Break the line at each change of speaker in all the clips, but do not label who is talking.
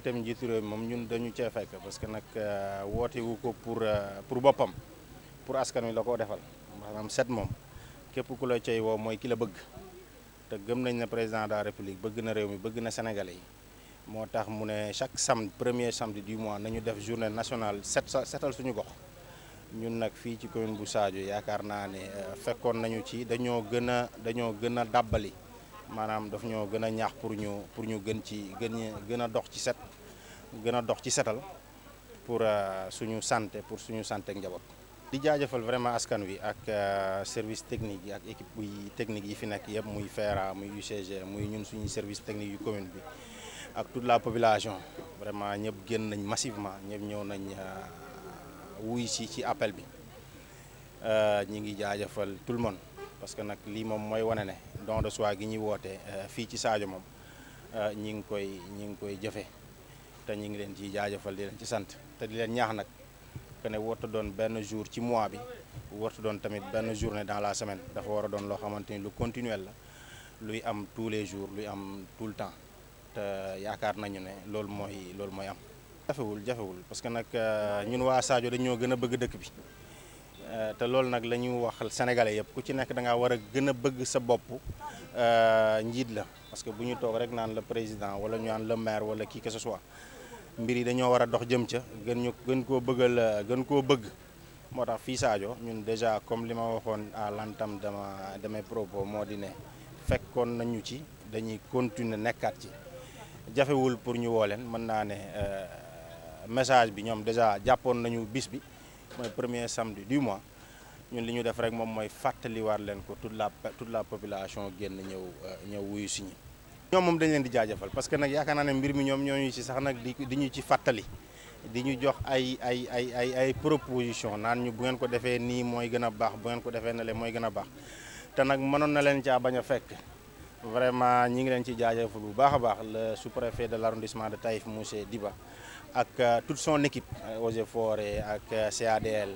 wooteem njiitu réew moom ñun dañu cee fekk parce que nag euh, woote wu ko pour euh, pour boppam pour askan wi la ko defal maanaam set moom képp ku la cay woo mooy ki bëgg te gëm nañ ne président de la république bëgg na réew mi bëgg na Sénégalais yi moo tax mu ne chaque samedi premier samedi du mois nañu def journée nationale set setal suñu gox ñun nag fii ci commune bu Sadio yaakaar naa ne euh, fekkoon nañu ci dañoo gën a dañoo gën a dàbbali maanaam daf ñoo gën a ñaax pour ñu pour ñu gën ci gën gën a dox ci set gën a dox ci setal pour euh, suñu santé pour suñu santé ak njaboot. di jaajëfal vraiment askan wi ak euh, service technique yi ak équipe buy technique yi fi nekk yëpp muy feera muy UCG muy ñun suñuy service technique yu commune bi ak tout la population vraiment ñëpp génn nañ massivement ñëpp ñëw nañ euh, wuy si ci appel bi ñi ngi jaajëfal tout le mone parce que nag lii moom mooy wane ne don de soi gi ñuy woote euh, fii ci Sadio moom euh, ñi ngi koy ñi ngi koy jëfe te ñu ngi leen ci jaajëfal di leen ci sant te di leen ñaax nag que ne warta doon benn jour ci mois bi warta doon tamit benn journée dans la semaine dafa war a doon loo xamante ni lu continuel la luy am tous les jours luy am tout le temps te yaakaar nañu ne loolu mooy loolu mooy am jafewul jafewul parce que nag euh, ñun waa saajo Sadio dañoo gën a bëgg dëkk bi Euh, te loolu nag la ñu wax sénégalais yëpp ku ci nekk da ngaa war a gën a bëgg sa bopp euh, njiit la parce que bu ñu toog rek naan la président wala ñu naan le maire wala qui que ce soit mbir yi dañoo war a dox jëm ca gën ñu gën koo bëggal euh, gën koo bëgg moo tax fii Sadio ñun déjà comme li ma waxoon à l'entame dama de mes propos moo di ne fekkoon nañu ci dañuy continuer nekkaat ci jafewul pour ñu woo leen mën naa ne message bi ñoom déjà jàppoon nañu bis bi mooy premier samedi du mois ñun li ñu def rek moom mooy fàttaliwaat leen ko toute la toute la population génn ñëw euh, ñëw wuyu si ñi ñoom moom dañ leen di jaajëfal parce que nag yaakaar naa ne mbir mi ñoom ñooñu ci sax nag di di ñu ci fàttali di ñu jox ay ay ay ay ay proposition naan ñu bu ngeen ko defee nii mooy gën a baax bu ngeen ko defee nale mooy gën a baax te nag mënoon na leen caa bañ a fekk vraiment ñi ngi leen ci jaajëfal bu baax a baax le sous-préfet de l'arrondissement de Taïf Moussé Diba avec euh, toute son équipe euh, aux efforts et ak euh, CADL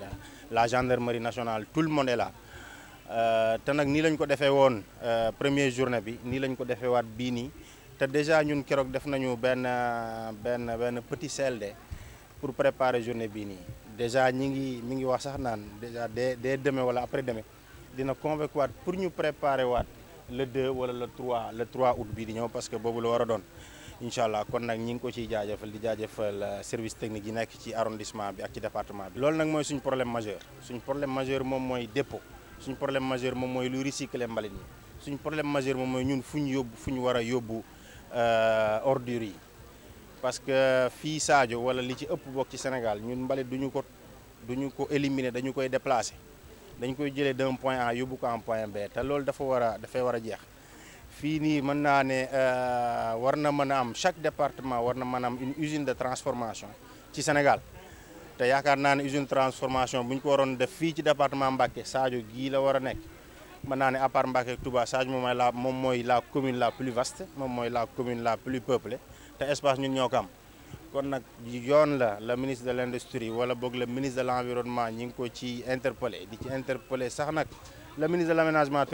la gendarmerie nationale tout le monde la là te nag nii lañ ko defee woon première journée bi nii lañ ko defee waat bii nii te déjà ñun keroog def nañu benn benn benn petit CLD pour préparer journée bii nii déjà ñi ngi mi ngi wax sax naan déjà dès dès demain wala après deme dina convoquer waat pour ñu préparer waat le 2 wala le 3 le 3 août bii di ñëw parce que boobu la war a doon incha allah kon nag ñi ngi ko ciy jaajëfal di jaajëfal euh, service technique yi nekk ci arrondissement bi ak ci département bi. loolu nag mooy suñ problème majeur suñ problème majeur moom mooy dépôt suñ problème majeur moom mooy lu recycler mbalit mi suñ problème majeur moom mooy ñun fu ñu yóbbu fu ñu war a yóbbu euh, ordures yi parce que euh, fii Sadio wala li ci ëpp bokk ci Sénégal ñun mbalit duñu ko duñu ko éliminer dañu koy déplacer dañ koy jëlee d'un point A yóbbu ko en point B loolu dafa war a dafay war a jeex. fii nii mën naa ne euh, war na mën a am chaque département war na mën a am une usine de transformation ci Sénégal te yaakaar naa ne usine transformation bu ñu ko waroon def fii ci département Mbacké Sadio gii la war a nekk mën naa ne à part Mbacké ak Touba moom mooy la moom mooy la commune la plus vaste moom mooy la commune la plus peuplée te espace ñun ñoo ko am kon nag yoon la la ministre de l' wala boog le ministre de l' environnement ñi ngi ko ci interpellé di ci interpellé sax nag le ministre de l' aménagement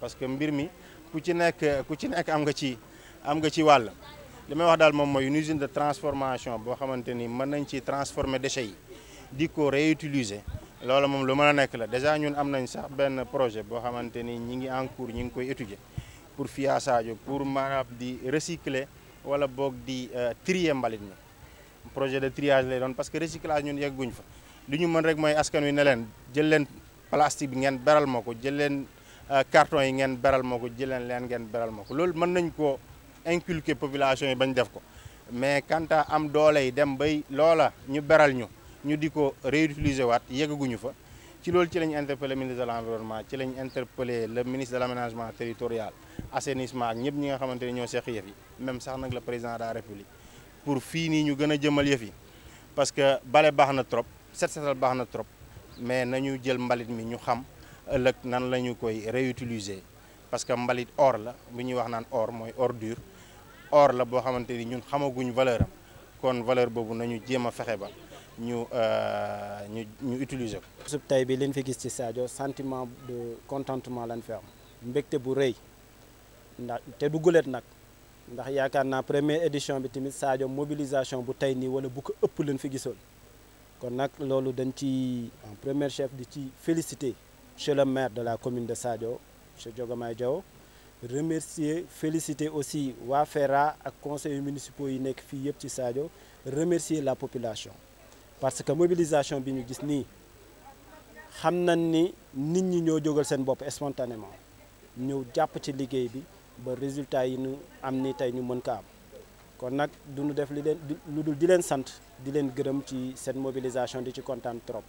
parce que mbir mi ku ci nekk ku ci nekk am nga ci am nga ci wàll li may wax daal moom mooy une usine de transformation boo xamante ni mën nañ ci transformer déchets yi di ko réutiliser loolu moom lu ma a nekk la déjà ñun am nañ sax benn projet boo xamante ni ñi ngi en cours ñi ngi koy étudier pour fiaçage pour maanaam di recycler wala boog di euh, trier mbalit mi projet de triage lay doon parce que recyclage ñun yegguñ fa li ñu mën rek mooy askan wi ne leen jël leen plastique bi ngeen beral ma ko jël leen Euh, carton yi ngeen beral moo ko jëleen leen ngeen beral ma ko loolu mën nañ koo inculquer population yi bañ def ko mais kanta am doole yi dem bay loola ñu beral ñu ñu di ko réutiliser waat yeggaguñu fa ci loolu ci lañ interpellé ministre de l'environnement ci lañ interpellé le ministre de l'aménagement territorial assainissement ak ñi nga xamante ni ñoo seq yëf yi même sax nag le président de la république pour fii nii ñu gën a jëmal yëf parce que bale baax na trop set setal baax na trop mais nañu jël mbalit mi ñu xam ëllëg nan lañu koy réutiliser parce que mbalit or la bu ñuy wax naan or mooy ordure or la boo xamante ni ñun xamaguñ valeur kon valeur boobu nañu jéem a fexe ba ñu euh, ñu ñu utiliser ko. sub tey bi liñ fi gis ci Sadio sentiment de contentement
lañ fi am mbégte bu rey ndax te du gulet nag ndax yaakaar naa première édition bi tamit Sadio mobilisation bu tey nii wala bu ko ëpp lañ fi gisoon kon nag loolu dañ ci en premier chef di ci félicité. monsieur le maire de la commune de Sadio monsieur Diogomaye Diao remercier féliciter aussi waa FERA ak conseil municipaux yi nekk fii yëpp ci Sadio remercier la population parce que mobilisation bi ñu gis nii xam na ni nit ñi ñoo jógal seen bopp spontanément ñëw jàpp ci liggéey bi ba résultat yi nu am ni tey ñu mën ko am kon nag du ñu def li leen lu dul di leen sant di leen gërëm ci seen mobilisation di ci kontaan trop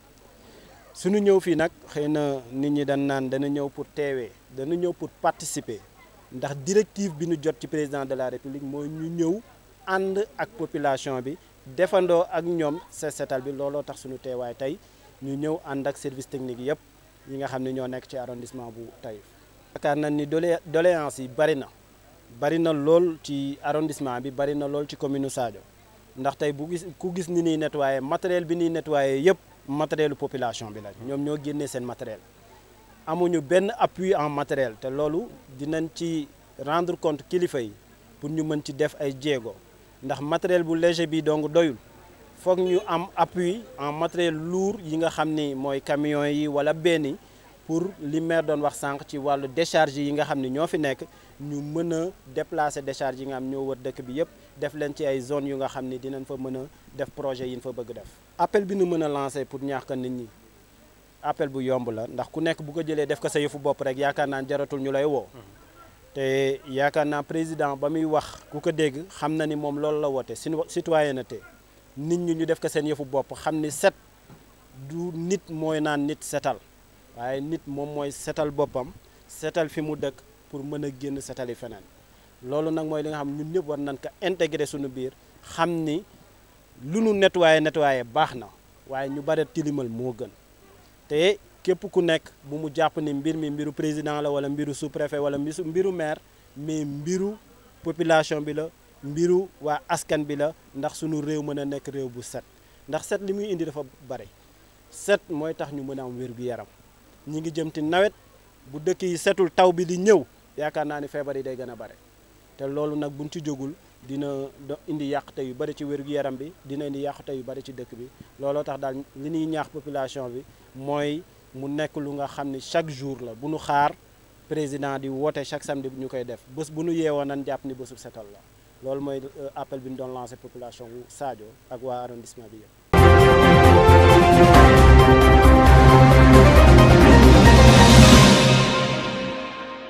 suñu ñëw fii nag xëy na nit ñi dañ naan dana ñëw pour teewee dana ñëw pour participer ndax directive bi ñu jot ci président de la république mooy ñu ñëw ànd ak population bi defandoo ak ñoom seet seetal bi looloo tax suñu teewaay tey ñu ñëw ànd ak service technique yëpp yi nga xam ne ñoo nekk ci arrondissement bu Taïf yaakaar nañ ni doléance yi bari na bari na lool ci arrondissement bi bari na lool ci commune Sadio ndax tey bu gis ku gis ni ñuy nettoyé matériel bi ñuy nettoyé yëpp matérielu population bi la ñoom ñoo génnee seen matériel amuñu benn appui en matériel te loolu dinañ ci rendre compte kilifa yi pour ñu mën ci def ay jéego ndax matériel bu léger bi donc doyul foog ñu am appui en matériel lourd yi nga xam ni mooy camion yi wala benni pour li doon wax sànq ci wàllu décharge yi nga xam ne ñoo fi nekk ñu mën a déplacer décharge yi nga xam ñoo wër dëkk bi yëpp def leen ci ay zones yu nga xam ne dinañ fa mën a def projet yi ñu fa bëgg def. appel bi nu mën a lancer pour ñaax nit ñi appel bu yomb la ndax ku nekk bu ko jëlee def ko sa yëfu bopp rek yaakaar naa jaratul ñu lay woo. Mm-hmm. te yaakaar naa président ba muy wax ku ko dégg xam na ni moom loolu la woote citoyenneté nit ñi ñu def ko seen yëfu bopp xam ni set du nit mooy naan nit setal. waaye nit moom mooy setal boppam setal fi mu dëkk pour mën a génn setali feneen loolu nag mooy li nga xam ñu ñëpp war nañ ko intégrer suñu biir xam ni lu nu nettoyé nettoyé baax na waaye ñu bare tilimal moo gën te képp ku nekk bu mu jàpp ni mbir mi mbiru président la wala mbiru sous-préfet wala mbiru maire mais mbiru population bi la mbiru waa askan bi la ndax suñu réew mën a nekk réew bu set ndax set li muy indi dafa bare set mooy tax ñu mën a am wér-gu-yaram ñi ngi jëm ci nawet bu dëkk yi setul taw bi di ñëw yaakaar naa ni feebar yi day gën a bare te loolu nag buñ ci jógul dina indi yàqute yu bari ci wér yaram bi dina indi yàqute yu bari ci dëkk bi looloo tax daal li ñuy ñaax population bi mooy mu nekk lu nga xam ni chaque jour la bu nu xaar président di woote chaque samedi ñu koy def bés bu ñu yeewoo nan jàpp ni bésu setal la loolu mooy euh, appel bi ñu doon lancé population wu Sadio ak waa bi yëpp